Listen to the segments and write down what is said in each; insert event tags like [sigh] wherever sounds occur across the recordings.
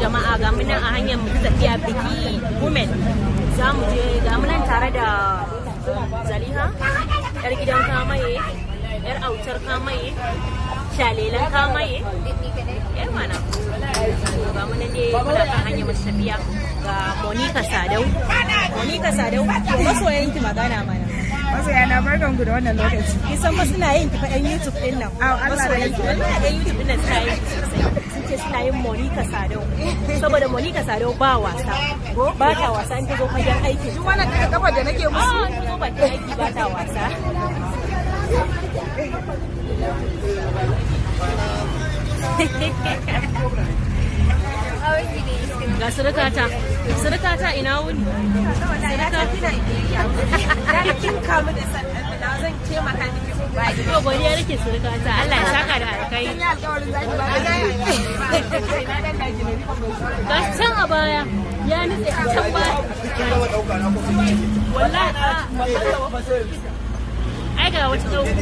jama'a ga muna a hanyar mu tafiya biki women za mu je ga munan tare da um, zaliha yar gidan kamaye yar autar kamaye shalelan kamaye yar mana ga munan ne muna kan hanyar mu tafiya ga monika sadau monika sadau masoyanki magana mana masoya na barkan wannan lokaci kisan ma suna yin kifa ɗan youtube ɗin nan a Allah da yake ɗan youtube ɗin nan suna yin sosai suna yin monika sadau saboda monika sadau ba wasa ba ta wasa in ta zo fagen aiki duk wannan kafa da nake ah, musu ba ta ba ta aiki ba ta wasa ga sarkata, ina wuni [laughs] taimaka mu da sandana zan taimaka miki ba ki ko godiya nake surka ta Allah ya saka da alkai kin yi alƙawarin zaki ba na ga can a baya ya nitse a can ba wallahi ai ga wata dauka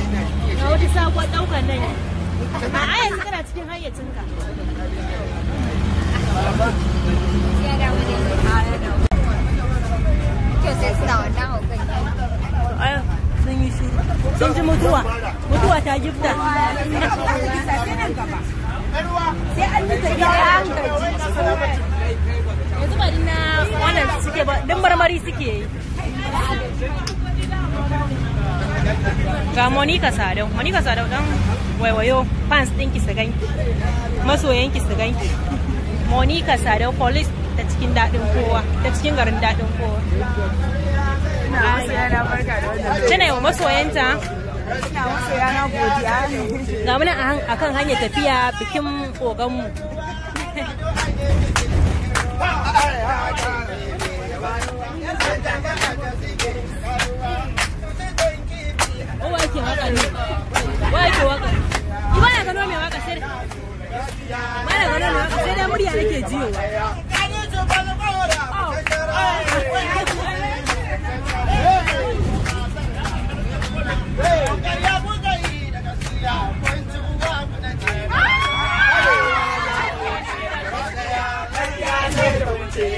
ga wata sabuwar dauka nan a yanzu kana cikin hayyacinka yanzu bari na wannan suke ba din marmari suke yi ga monika sadau monika sadau dan waiwayo fans din ki su ganki masoyan ki su ganki monika sadau police ta cikin daɗin kowa ta cikin garin daɗin kowa tana yi wa masoyanta Ina masa yana godiya. Ga muna a kan hanyar tafiya bikin oganmu. Wake waka ne. Wake waka. Ibana sai. Ibana murya nake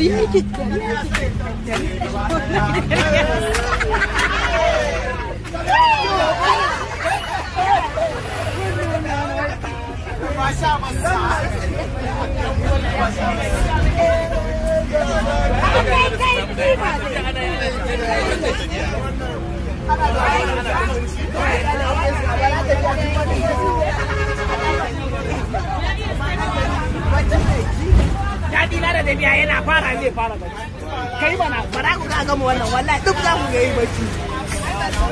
Nereye gitti? Thank you. zai biya yana fara zai fara bacci kai bana ba za ku ga gama wannan wallahi duk za ku ga yi bacci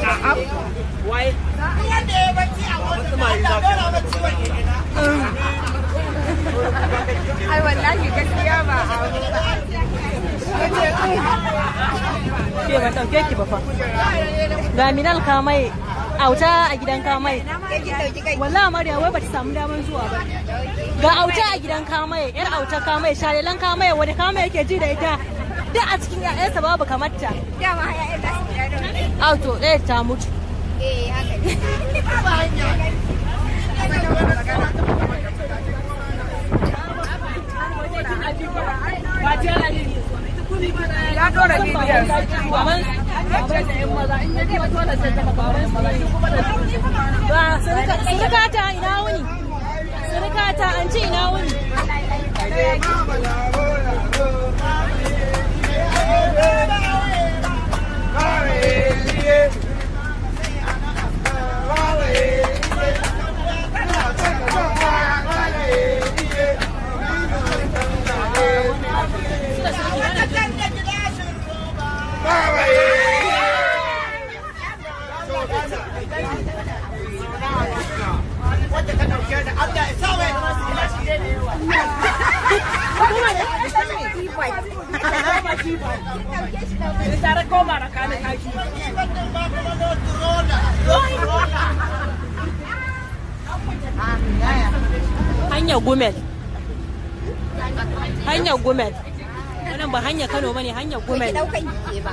a'a wai wanda ya bacci a ba bacci wani ai wallahi gaskiya ba a wani ba ke ba ɗauke ki ba fa ga minal kamai auta a gidan kamai wallah mariya wai bata samu daman zuwa ba ga auta a gidan kamai yar auta kamai shalelan kamai wani kamai yake ji da ita duk a cikin ƴaƴansa babu kamar ta dama ƴaƴansa auto ɗaya ta mutu eh haka na dora bidiyon baban ina wuni an ce ina wuni hanyar gumel hanyar gumel wannan ba hanyar kano bane hanyar gumel ba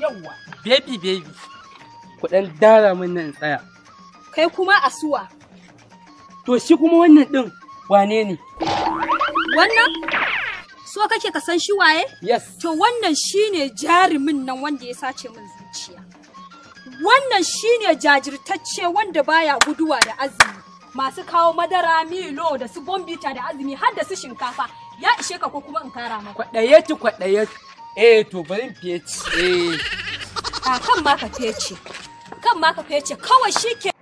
Yawwa. Baby baby. Ku ɗan dara min nan tsaya. Kai kuma asuwa. To shi kuma wannan ɗin wane ne? Wannan? So kake ka san shi waye? Yes. To wannan shine jarumin nan wanda ya sace min zuciya. Wannan shine jajirtacce wanda baya guduwa da azumi. Masu kawo madara, milo da su bombita da azumi har da su shinkafa. Ya ishe ka ko kuma in kara maka. Kwaɗayetu, kwaɗayetu. eh to bari fiye ci eh ah, kan maka ka fiye ci kan maka ka fiye kawai shike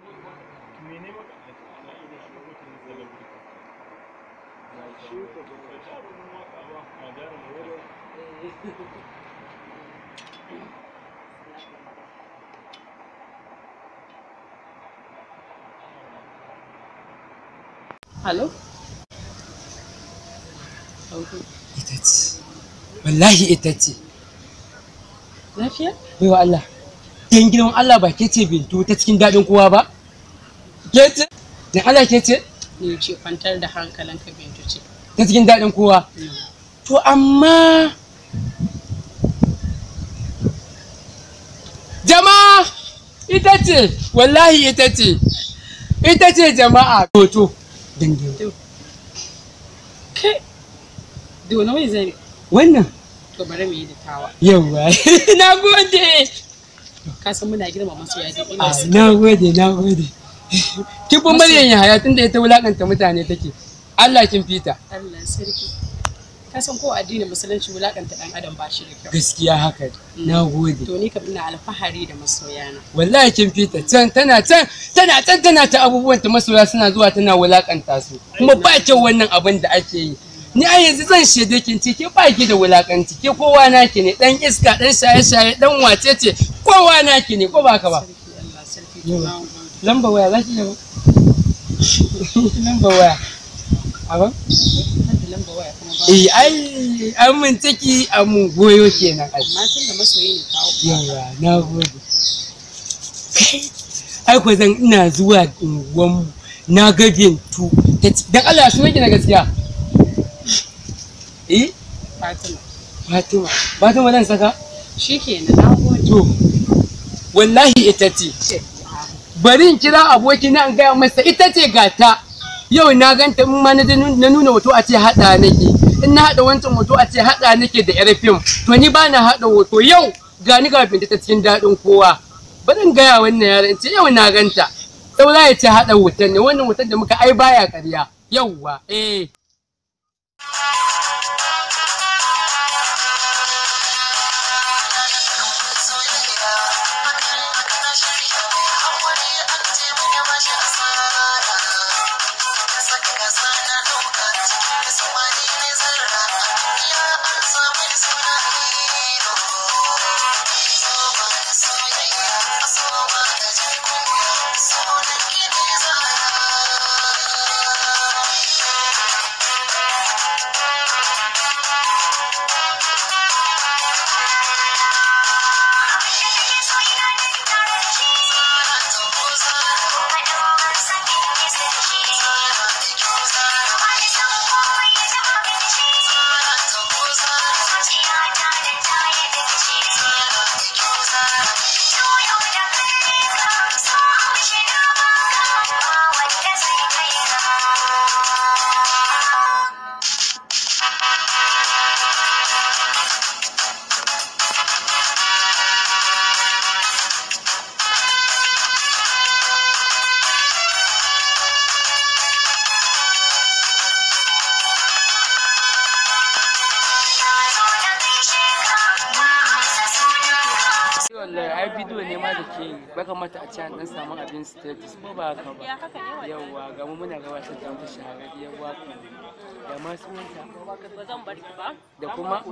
wallahi ita ce lafiya baiwa Allah dan gidan Allah ba ke ce bintu ta cikin daɗin kowa ba ke ce Da Allah ke ce ne ce kwantar da hankalinka bintu ce ta cikin daɗin kowa mm. to amma jama'a ita ce wallahi ita ce ita ce jama'a toto dangin kai da wani zai wannan to bari mu yi dattawa yawa [laughs] na gode ka san muna girma masu ya da ina na gode na gode ki bu Maryam ya haya tunda ita wulakanta mutane take Allah kin fita Allah sarki ka san ko addinin musulunci wulakanta dan adam ba shi da kyau gaskiya haka mm. na gode to ni kam ina alfahari da masoyana wallahi kin fita can tana can tana can tana ta abubuwan ta masoya suna zuwa tana wulakanta su kuma ba kyau wannan abin da ake yi ni a yanzu zan shaide kin ce ke ba ki da wulakanci ke kowa naki ne dan iska dan shaye shaye dan wace ce kowa naki ne ko ba ka ba lamba waya za ki yawa lamba waya aban eh ai an mun ciki a mun goyo kenan ai matan da masoyi ne kawo yawa na gode ai ko zan ina zuwa unguwan na ga bintu dan Allah shi ne gaskiya eh fatima fatima fatima nan saka shikenan nagode to wallahi ita ce bari in kira abokina in gaya masa ita ce gata yau na ganta mun ma na nuna wato a ce hada nake in na hada wancan wato a ce hada nake da yar fim to ni ba na hada wato yau ga ni ga binta ta cikin dadin kowa bari gaya wannan yaran ce yau na ganta saura ya ce hada wutan ne wannan wutan da muka ai baya ƙarya yauwa eh ya kamata a can dan samu abin status ko ba haka ba yawa ga mu muna gabatar da wata shahararriyar waƙa da masu wanta ba zan bar ki ba da kuma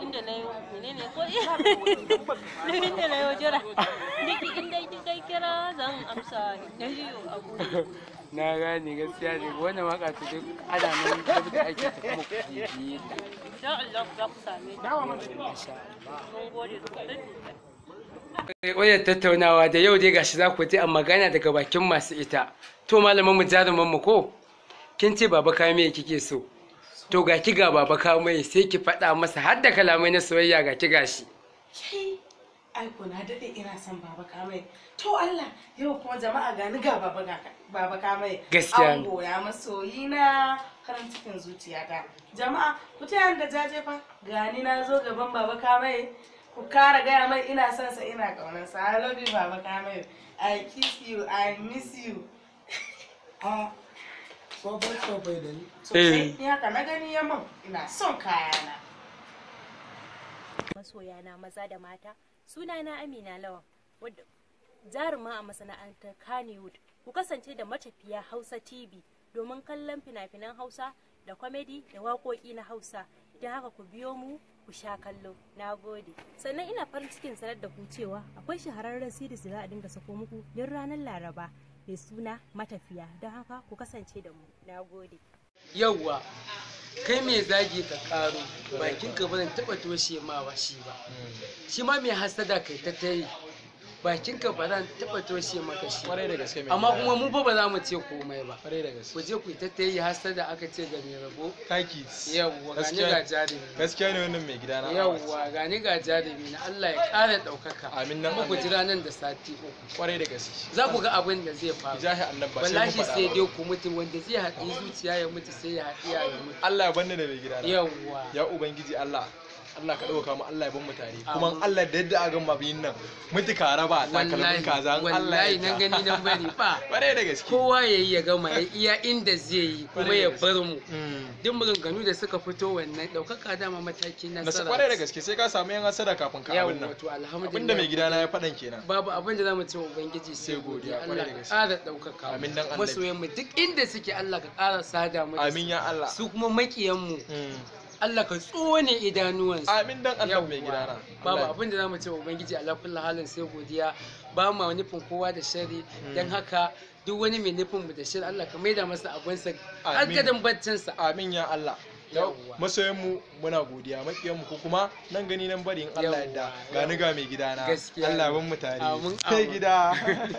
inda na yi menene ko ina ba [laughs] inda na yi jira duk inda kai kira zan amsa da yiwu abu na gane gaskiya ne wannan waka ta duk ana nan da ake ta kuma kuɗi ne Insha Allah za ku same ni Allah Mun gode duka Ƙwayar eh, tattaunawa da yau dai gashi za ku ji a magana daga bakin masu ita. To malamin mu jaruman mu ko? Kin ce baba kawo mai kike so. To ga ki ga baba kawo mai sai ki faɗa masa har da kalamai na soyayya ga ki gashi. Ai ko na daɗe ina son baba kamai. To Allah yau kuma jama'a ga ni ga baba kamai. Gaskiya. An goya masoyi na karan cikin zuciya zuciyata. Jama'a ku ta yanda jaje fa ga ni na zo gaban baba kamai. ku kara gaya mai ina son sa ina kaunar sa I love you baba Kamil I kiss you I miss you ha so ba da ni eh. sai ni haka na gani ya mun ina son kayana masoya na maza da mata suna na Amina Lawan wadda jaruma a masana'antar Kannywood ku kasance da matafiya Hausa TV domin kallon fina-finan Hausa da kwamedi da waƙoƙi na Hausa don haka ku biyo mu ku sha kallo na gode sannan ina farin cikin sanar da ku cewa akwai shahararren series da za a dinga sako muku yin ranar laraba mai suna matafiya don haka ku kasance da mu na gode yauwa kai mai zagi ka karo bakin ka ba zan taba toshe ma ba shi ba shi ma mai hasada kai ta tayi bakin ka ba zan taba toshe maka shi kwarai da gaske amma kuma mu fa ba za mu ce komai ba kwarai da gaske ku je ku ta tayi hasar da aka ce ga mai rabo taki yawwa gani ga jarumi gaskiya ne wannan mai gida na yawwa gani ga jarumi na Allah ya kare daukaka amin nan ku jira nan da sati uku kwarai da gaske za ku ga abin da zai faru jahi annabba wallahi sai dai ku mutu wanda zai haɗi zuciya ya mutu sai ya haɗi ya mutu Allah ya banne da mai gida na yawa ya ubangiji Allah Allah ka dauka mu Allah ya ban mu tare kuma Allah da yadda a gan mabiyin nan mutu ka raba ta kalmin kaza an Allah ya nan gani nan bari [laughs] ba bare da gaske kowa yayi ya gama ya iya inda zai yi kuma ya bar mu mm. duk maganganu da suka fito wannan ka dama mataki na sara bare da gaske sai ka samu yan asara kafin ka abin nan abinda mai gida na ya fadan kenan babu abin da zamu ce ubangiji sai godiya Allah ka ƙara amin dan Allah masoyan mu duk inda suke Allah ka ƙara sada mu amin ya Allah su kuma makiyan mu mm. Allah ka tsone idanuwansu amin dan Allah mai gidana babu abin da zamu ce ubangiji Allah kullu halin sai godiya ba mu nufin kowa da shari hmm. dan haka duk wani mai nufin mu da shari Allah ka maida masa abunsa. abinsa alkadan baccinsa amin ya Allah masoyan mu muna godiya makiyan mu ko kuma nan gani nan bari in Allah yadda ga ni ga mai gidana Allah ban mu tare Amin. Sai gida [laughs]